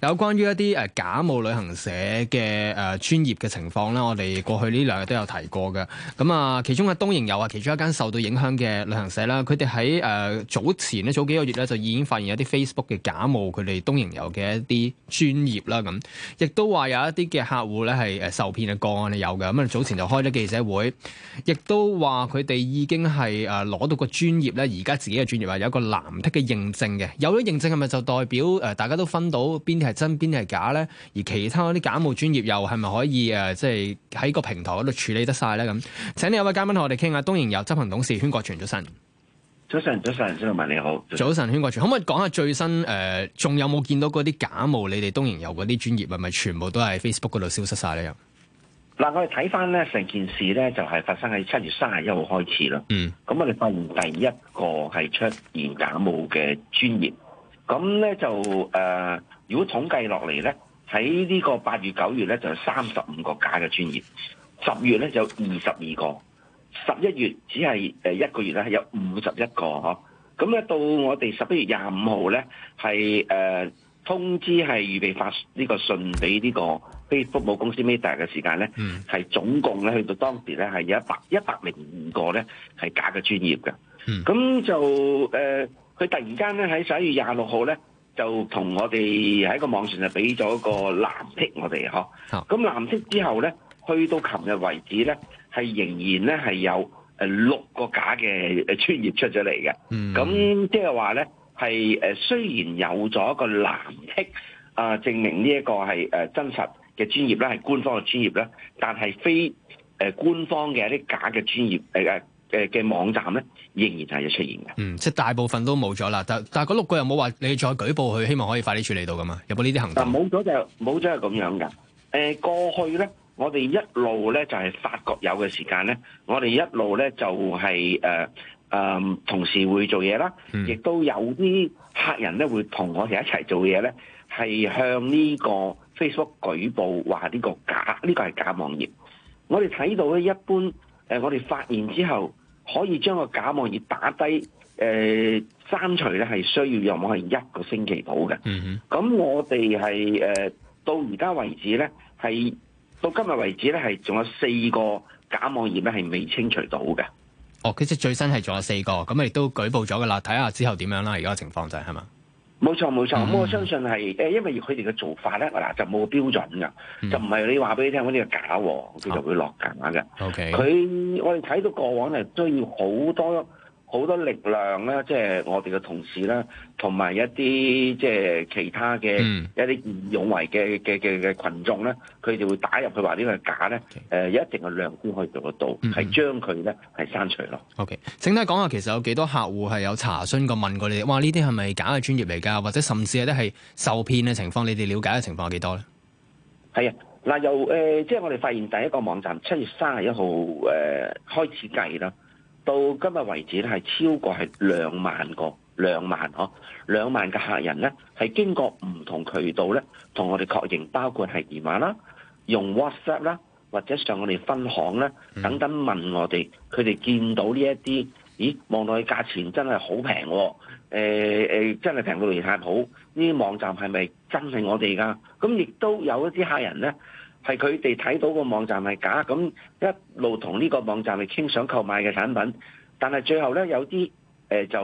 有關於一啲誒假冒旅行社嘅誒、呃、專頁嘅情況咧，我哋過去呢兩日都有提過嘅。咁啊，其中嘅東瀛遊啊，其中一間受到影響嘅旅行社啦，佢哋喺誒早前呢，早幾個月咧，就已經發現有啲 Facebook 嘅假冒佢哋東瀛遊嘅一啲專頁啦。咁亦都話有一啲嘅客戶咧係誒受騙嘅個案有嘅。咁啊，早前就開咗記者會，亦都話佢哋已經係誒攞到個專頁咧，而家自己嘅專頁啊，有一個藍剔嘅認證嘅。有咗認證係咪就代表誒、呃、大家都分到邊？係真邊定係假咧？而其他啲假冒專頁又係咪可以誒？即係喺個平台度處理得晒咧？咁請你有位嘉賓同我哋傾下，東瀛遊執行董事禤國全，早晨，早晨。早晨，早晨，先文文你好。早晨，禤國全，可唔可以講下最新誒？仲、呃、有冇見到嗰啲假冒？你哋東瀛遊嗰啲專頁係咪全部都喺 Facebook 嗰度消失晒咧？又、呃、嗱，我哋睇翻咧，成件事咧就係、是、發生喺七月三十一號開始啦。嗯，咁我哋發現第一個係出現假冒嘅專頁。咁咧就誒、呃，如果統計落嚟咧，喺呢個八月、九月咧就有三十五個假嘅專頁，十月咧就二十二個，十一月只係誒一個月啦，有五十一個嗬。咁、啊、咧到我哋十一月廿五號咧，係誒、呃、通知係預備發呢個信俾呢個 Facebook 母公司 Meta 嘅時間咧，係、mm. 總共咧去到當時咧係有一百一百零五個咧係假嘅專頁嘅。咁、mm. 就誒。呃佢突然間咧喺十一月廿六號咧就同我哋喺個網上了一個呢呢個就俾咗個藍剔。我哋呵，咁藍剔之後咧去到琴日為止咧係仍然咧係有誒六個假嘅專頁出咗嚟嘅，咁即係話咧係誒雖然有咗個藍剔啊證明呢一個係誒真實嘅專頁咧係官方嘅專頁咧，但係非誒官方嘅一啲假嘅專頁誒誒。嘅嘅網站咧，仍然就係有出現嘅。嗯，即係大部分都冇咗啦。但但係嗰六個又冇話你再舉報佢，希望可以快啲處理到噶嘛？有冇呢啲行動？冇咗就冇咗係咁樣噶。誒，過去咧，我哋一路咧就係發覺有嘅時間咧，我哋一路咧就係誒誒，同事會做嘢啦，亦、嗯、都有啲客人咧會同我哋一齊做嘢咧，係向呢個 Facebook 舉報話呢個假，呢、呢個係假網頁。我哋睇到咧，一般。誒，我哋發現之後，可以將個假網頁打低，誒、呃、刪除咧係需要有冇係一個星期、嗯呃、到嘅。咁我哋係誒到而家為止咧，係到今日為止咧係仲有四個假網頁咧係未清除到嘅。哦，其實最新係仲有四個，咁亦都舉報咗㗎啦。睇下之後點樣啦，而家嘅情況就係係嘛？冇錯冇錯，咁、嗯、我相信係誒，因為佢哋嘅做法咧，嗱就冇標準噶、嗯，就唔係你話俾你聽，呢個假和，佢就會落架嘅。佢、啊 okay. 我哋睇到過往係，需要好多。好多力量咧，即係我哋嘅同事啦，同埋一啲即係其他嘅、嗯、一啲見義勇為嘅嘅嘅嘅羣眾咧，佢哋會打入去話呢個假咧，誒、okay. 呃、一定嘅量先可以做得到，係、嗯嗯、將佢咧係刪除咯。OK，請睇講下其實有幾多客戶係有查詢過問過你哋，哇！呢啲係咪假嘅專頁嚟㗎？或者甚至係都係受騙嘅情況，你哋了解嘅情況有幾多咧？係啊，嗱、呃，又，誒、呃、即係我哋發現第一個網站七月三十一號誒開始計啦。到今日為止咧，係超過係兩萬個，兩萬嗬、啊，兩萬個客人咧，係經過唔同渠道咧，同我哋確認，包括係電話啦、用 WhatsApp 啦，或者上我哋分行咧等等問我哋，佢哋見到呢一啲，咦，望落去價錢真係好平喎，誒誒，真係平到離太譜，呢啲網站係咪真係我哋㗎？咁亦都有一啲客人咧。係佢哋睇到個網站係假，咁一路同呢個網站係傾想購買嘅產品，但係最後咧有啲、呃、就、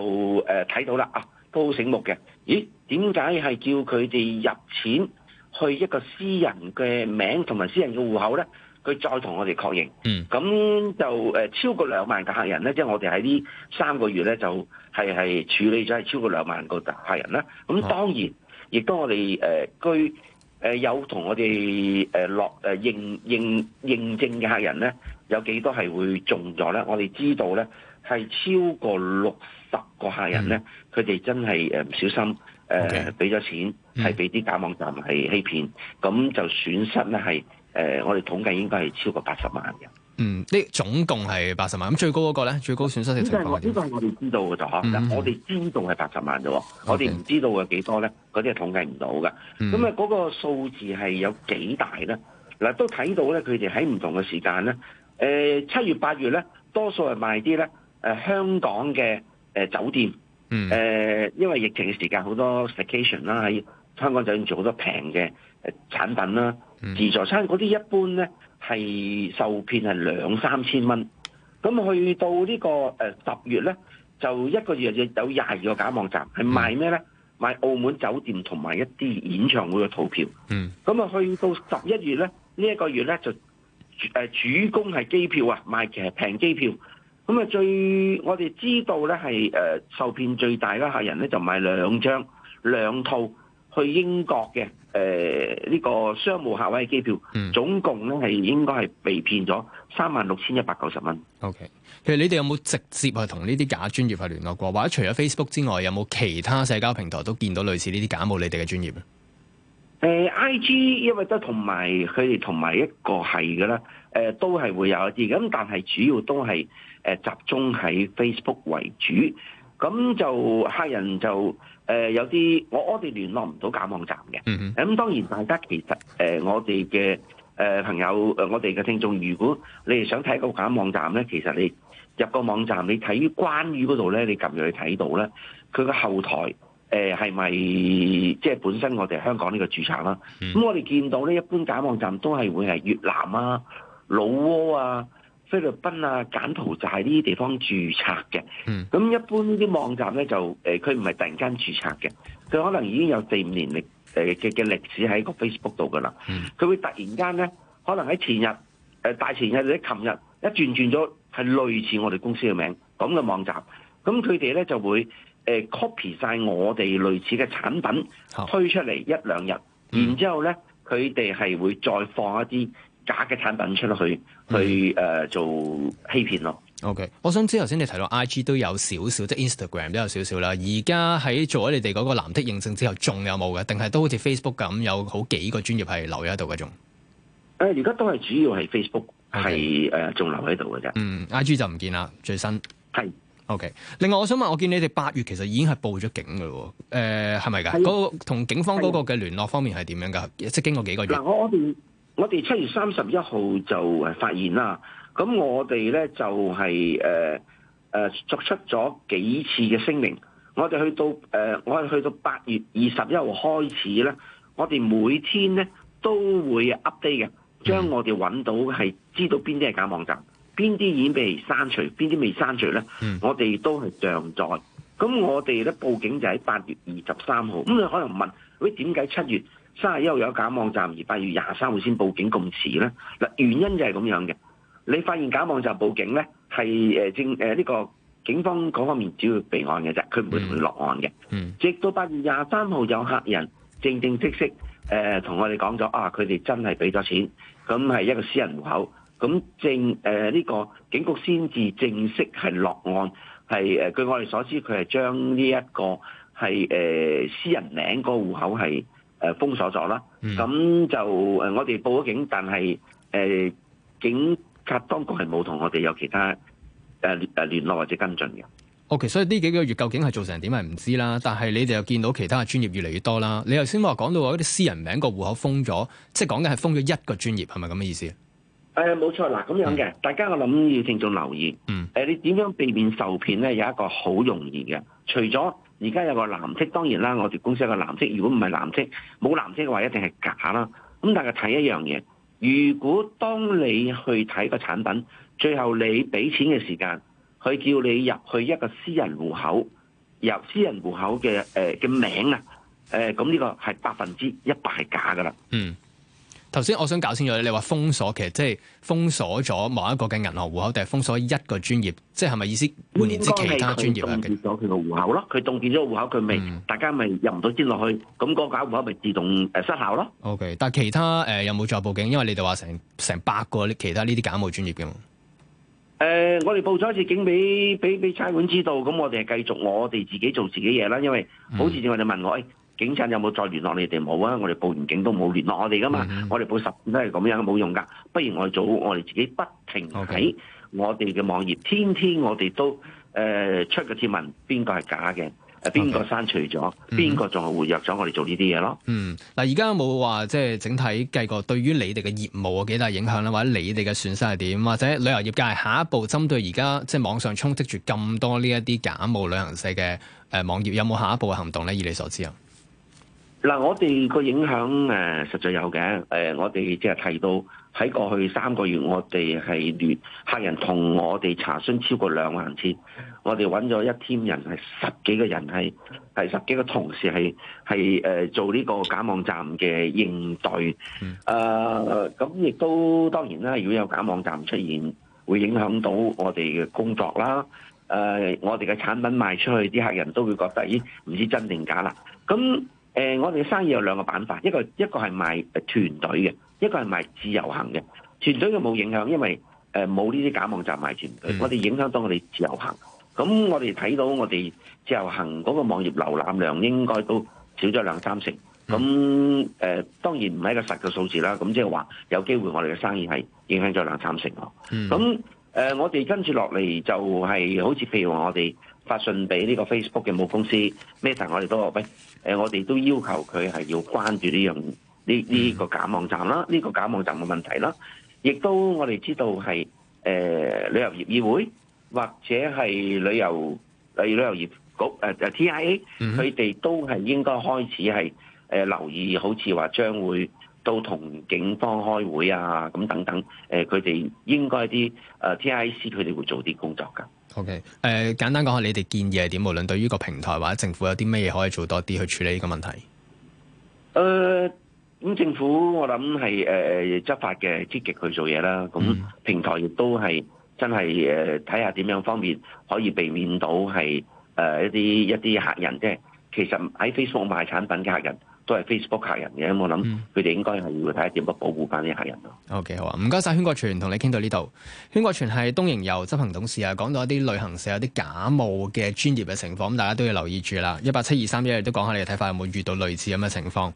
呃、睇到啦啊，都好醒目嘅。咦？點解係叫佢哋入錢去一個私人嘅名同埋私人嘅戶口咧？佢再同我哋確認。嗯，咁就、呃、超過兩萬嘅客人咧，即係我哋喺呢三個月咧就係係處理咗係超過兩萬個客人啦。咁當然亦、嗯、都我哋、呃、居。誒、呃、有同我哋誒落誒認認認證嘅客人咧，有幾多係會中咗咧？我哋知道咧係超過六十個客人咧，佢、mm. 哋真係唔小心誒俾咗錢，係俾啲假網站係欺騙，咁就損失咧係誒我哋統計應該係超過八十萬人。嗯，呢總共係八十萬，咁最高嗰個咧，最高損失嘅情況點？呢個呢我哋知道嘅啫，嗱、嗯，我哋知道係八十萬啫，okay. 我哋唔知道有幾多咧，嗰啲係統計唔到嘅。咁、嗯、啊，嗰、那個數字係有幾大咧？嗱，都睇到咧，佢哋喺唔同嘅時間咧，誒、呃、七月八月咧，多數係賣啲咧，誒香港嘅誒酒店，誒、嗯呃、因為疫情嘅時間好多 vacation 啦，喺香港酒店做好多平嘅誒產品啦。嗯、自助餐嗰啲一般咧係受騙係兩三千蚊，咁去到、這個呃、呢個誒十月咧，就一個月就有廿二個假網站係賣咩咧？賣澳門酒店同埋一啲演唱會嘅套票。嗯，咁啊去到十一月咧，呢、這、一個月咧就誒主攻係機票啊，賣其實平機票。咁啊最我哋知道咧係誒受騙最大嘅客人咧就買兩張兩套去英國嘅。誒、呃、呢、這個商務客位嘅機票，嗯、總共咧係應該係被騙咗三萬六千一百九十蚊。OK，其實你哋有冇直接去同呢啲假專頁去聯絡過，或者除咗 Facebook 之外，有冇其他社交平台都見到類似呢啲假冒你哋嘅專頁咧？誒、呃、IG 因為都同埋佢哋同埋一個係嘅啦，誒、呃、都係會有一啲咁，但係主要都係誒、呃、集中喺 Facebook 為主，咁就客人就。誒、呃、有啲我我哋聯絡唔到假網站嘅，咁、嗯、當然大家其實誒、呃、我哋嘅誒朋友、呃、我哋嘅聽眾，如果你哋想睇個假網站咧，其實你入個網站你睇關於嗰度咧，你撳入去睇到咧，佢個後台誒係咪即係本身我哋香港呢個註冊啦？咁、嗯、我哋見到咧一般假網站都係會係越南啊、老撾啊。菲律賓啊、柬埔寨呢啲地方註冊嘅，咁、嗯、一般啲網站咧就，誒佢唔係突然間註冊嘅，佢可能已經有四五年歷，誒嘅嘅歷史喺個 Facebook 度噶啦，佢、嗯、會突然間咧，可能喺前日、誒、呃、大前日或者琴日一轉轉咗，係類似我哋公司嘅名咁嘅網站，咁佢哋咧就會誒、呃、copy 晒我哋類似嘅產品推出嚟一兩日，嗯、然之後咧佢哋係會再放一啲。假嘅產品出去去誒、嗯呃、做欺騙咯。OK，我想知頭先你提到 I G 都有少少，即係 Instagram 都有少少啦。而家喺做咗你哋嗰個藍剔認證之後，仲有冇嘅？定係都好似 Facebook 咁有好幾個專頁係留喺度嘅仲？而、呃、家都係主要係 Facebook 係、okay. 誒，仲、呃、留喺度嘅啫。嗯，I G 就唔見啦，最新係 OK。另外，我想問，我見你哋八月其實已經係報咗警嘅喎。誒、呃，係咪㗎？嗰個同、那個、警方嗰個嘅聯絡方面係點樣㗎？即係經過幾個月、呃、我我哋。我哋七月三十一號就發現啦，咁我哋咧就係誒誒作出咗幾次嘅聲明。我哋去到誒、呃，我哋去到八月二十一號開始咧，我哋每天咧都會 update 嘅，將我哋揾到係知道邊啲係假網站，邊啲已經被刪除，邊啲未刪除咧，我哋都係上載。咁我哋咧報警就喺八月二十三號。咁你可能問，喂，點解七月？三十一號有假網站，而八月廿三號先報警，咁遲咧？嗱，原因就係咁樣嘅。你發現假網站報警咧，係誒正誒呢個警方嗰方面只要備案嘅啫，佢唔會同你落案嘅。嗯。直到八月廿三號有客人正正式式誒同我哋講咗，啊，佢哋真係俾咗錢，咁係一個私人戶口，咁正誒呢、呃呢個警局先至正式係落案，係誒據我哋所知，佢係將呢一個係誒、呃、私人名個戶口係。誒封鎖咗啦，咁、嗯、就誒我哋報咗警，但係誒、呃、警察當局係冇同我哋有其他誒誒、呃、聯絡或者跟進嘅。哦，其實所以呢幾個月究竟係做成點係唔知啦，但係你哋又見到其他嘅專頁越嚟越多啦。你頭先話講到話嗰啲私人名個戶口封咗，即係講緊係封咗一個專頁係咪咁嘅意思？誒、嗯，冇錯嗱，咁樣嘅，大家我諗要正重留意。嗯，誒、呃，你點樣避免受騙咧？有一個好容易嘅，除咗而家有個藍色，當然啦，我哋公司有個藍色，如果唔係藍色，冇藍色嘅話，一定係假啦。咁但係睇一樣嘢，如果當你去睇個產品，最後你俾錢嘅時間，佢叫你入去一個私人戶口，入私人戶口嘅誒嘅名啊，誒、呃，咁呢個係百分之一百係假噶啦。嗯。頭先我想搞清楚，你話封鎖其實即係封鎖咗某一個嘅銀行戶口，定係封鎖一個專業？即係係咪意思換言之，其他專業係封鎖咗佢個戶口咯？佢凍結咗個戶口，佢咪大家咪入唔到先落去？咁嗰個假戶口咪自動誒失效咯？OK，但係其他誒有冇再報警？因為你哋話成成百個呢其他呢啲假冒專業嘅誒，我哋報咗一次警俾俾俾差館知道，咁我哋係繼續我哋自己做自己嘢啦。因為好似之前你問我誒。警察有冇再聯絡你哋？冇啊！我哋報完警都冇聯絡我哋噶嘛。嗯、我哋報十都係咁樣，冇用噶。不如我哋做，我哋自己不停喺我哋嘅網頁，天天我哋都誒、呃、出個貼文，邊個係假嘅？誒邊個刪除咗？邊個仲係活躍咗？我哋做呢啲嘢咯。嗯，嗱，而家有冇話即係整體計過對於你哋嘅業務有幾大影響咧？或者你哋嘅損失係點？或者旅遊業界下一步針對而家即係網上充斥住咁多呢一啲假冒旅行社嘅誒、呃、網頁，有冇下一步嘅行動咧？以你所知啊？嗱，我哋個影響誒、呃，實在有嘅。誒、呃，我哋即係提到喺過去三個月，我哋係聯客人同我哋查詢超過兩萬次。我哋揾咗一天人，係十幾個人係十幾個同事係係、呃、做呢個假網站嘅應對。誒、呃，咁亦都當然啦，如果有假網站出現，會影響到我哋嘅工作啦。誒、呃，我哋嘅產品賣出去，啲客人都會覺得咦，唔知真定假啦。咁誒、呃，我哋嘅生意有兩個板塊：一個一個係賣團隊嘅，一個係賣、呃、賣自由行嘅。團隊嘅冇影響，因為誒冇呢啲假網站賣團隊。我哋影響到我哋自由行。咁我哋睇到我哋自由行嗰個網頁瀏覽量應該都少咗兩三成。咁誒、呃，當然唔係一個實嘅數字啦。咁即係話有機會我哋嘅生意係影響咗兩三成咯。咁。嗯誒，我哋跟住落嚟就係好似譬如話，我哋發信俾呢個 Facebook 嘅母公司 Meta，我哋都話喂，誒，我哋都要求佢係要關注呢樣呢呢個假網站啦，呢個假網站嘅問題啦。亦都我哋知道係誒旅遊業議會或者係旅遊誒旅遊業局誒誒 TIA，佢哋都係應該開始係誒留意，好似話將會。都同警方開會啊，咁等等，誒佢哋應該啲誒、呃、TIC 佢哋會做啲工作噶。OK，誒、呃、簡單講下你哋建議係點？無論對於個平台或者政府有啲咩嘢可以做多啲去處理呢個問題。誒、呃，咁政府我諗係誒執法嘅積極去做嘢啦。咁平台亦都係真係誒睇下點樣方面可以避免到係誒、呃、一啲一啲客人即係。其實喺 Facebook 賣產品嘅客人。都係 Facebook 客人嘅。咁我諗佢哋應該係要睇下點樣保護翻啲客人咯。O、okay, K 好啊，唔該晒禤國全，同你傾到呢度。禤國全係東瀛遊執行董事啊，講到一啲旅行社有啲假冒嘅專頁嘅情況，咁大家都要留意住啦。一八七二三一都講下你嘅睇法，有冇遇到類似咁嘅情況？